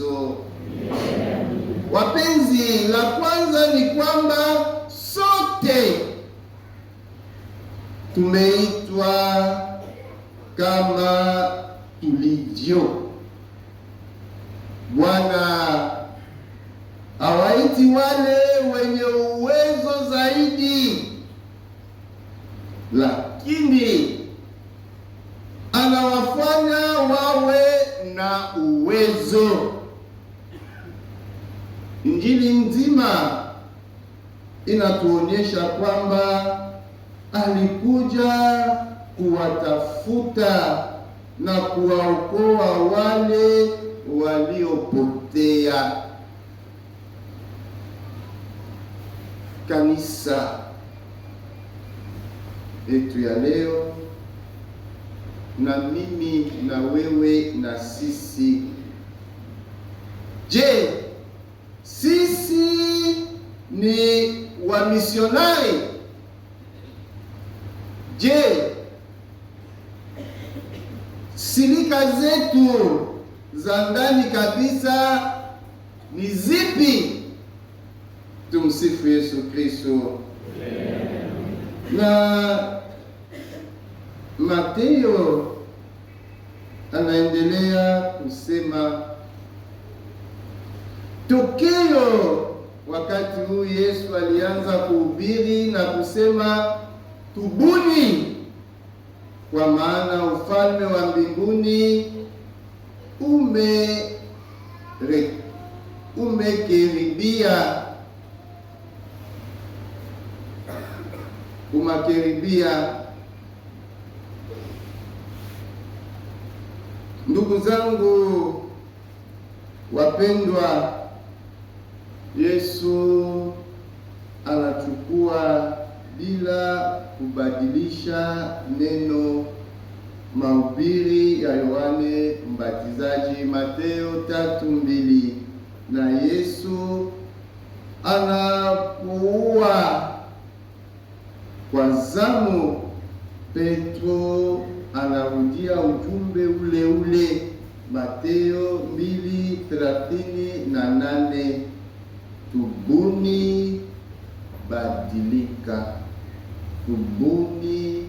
Kristo. Wapenzi, la kwanza ni kwamba sote tumeitwa kama tulivyo. Bwana hawaiti wale wenye uwezo zaidi, lakini anawafanya wawe na uwezo. Injili nzima inatuonyesha kwamba alikuja kuwatafuta na kuwaokoa wale waliopotea. Kanisa yetu ya leo, na mimi na wewe na sisi, je, ni wamisionari? Je, silika zetu za ndani kabisa ni zipi? Tumsifu Yesu Kristo. Na Mateo anaendelea kusema tukio Wakati huu Yesu alianza kuhubiri na kusema, tubuni, kwa maana ufalme wa mbinguni ume- umekaribia umakaribia. Ndugu zangu wapendwa Yesu anachukua bila kubadilisha neno mahubiri ya Yohane Mbatizaji, Mateo tatu mbili, na Yesu anapoua kwa zamu, Petro anarudia ujumbe ule ule, Mateo mbili thelathini na nane tubuni badilika, tubuni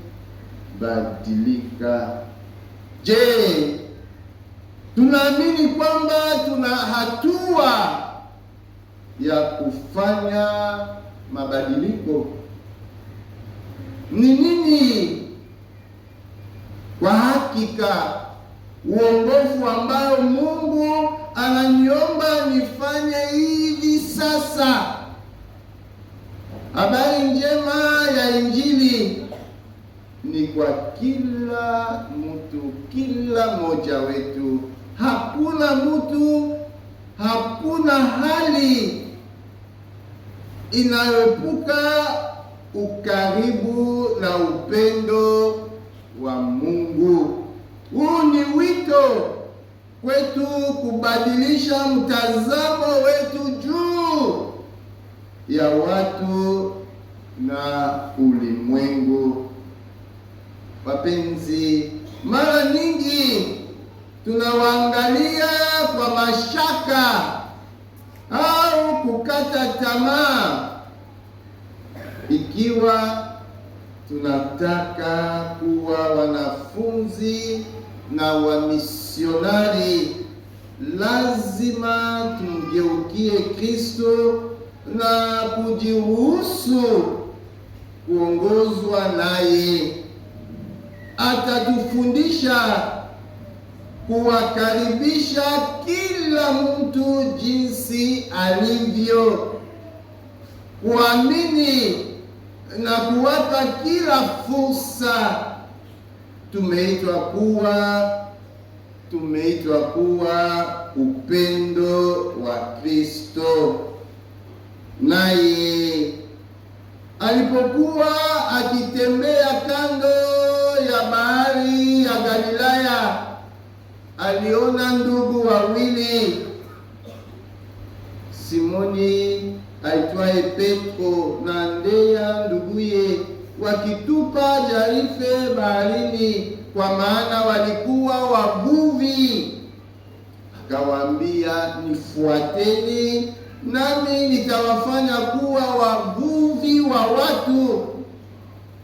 badilika. Je, tunaamini kwamba tuna hatua ya kufanya mabadiliko? Ni nini kwa hakika uongofu ambao Mungu ananiomba nifanye hivi sasa habari njema ya Injili ni kwa kila mtu, kila mmoja wetu. Hakuna mtu, hakuna hali inayoepuka ukaribu na upendo wa Mungu. Huu ni wito kwetu kubadilisha mtazamo wetu juu ya watu na ulimwengu. Wapenzi, mara nyingi tunawaangalia kwa mashaka au kukata tamaa ikiwa tunataka kuwa wanafunzi na wamisionari, lazima tumgeukie Kristo na kujiruhusu kuongozwa naye. Atatufundisha kuwakaribisha kila mtu jinsi alivyo, kuamini na kuwapa kila fursa tumeitwa kuwa tumeitwa kuwa upendo wa Kristo. Naye alipokuwa akitembea kando ya bahari ya Galilaya, aliona ndugu wawili, Simoni aitwaye Petro na Andrea nduguye wakitupa jarife baharini, kwa maana walikuwa wavuvi. Akawaambia, nifuateni nami nitawafanya kuwa wavuvi wa watu.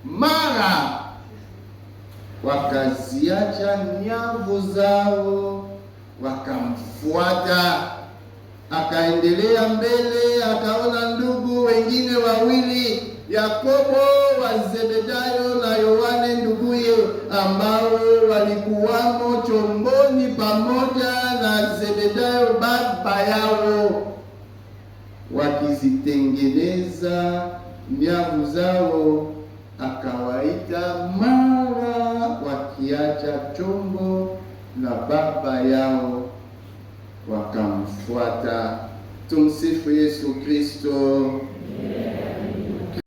Mara wakaziacha nyavu zao wakamfuata. Akaendelea mbele, akaona ndugu wengine wawili Yakobo wa Zebedayo na Yohane nduguye, ambao walikuwamo chomboni pamoja na Zebedayo baba yao, wakizitengeneza nyavu zao, akawaita mara wakiacha chombo na baba yao wakamfuata. Tumsifu Yesu Kristo, yeah.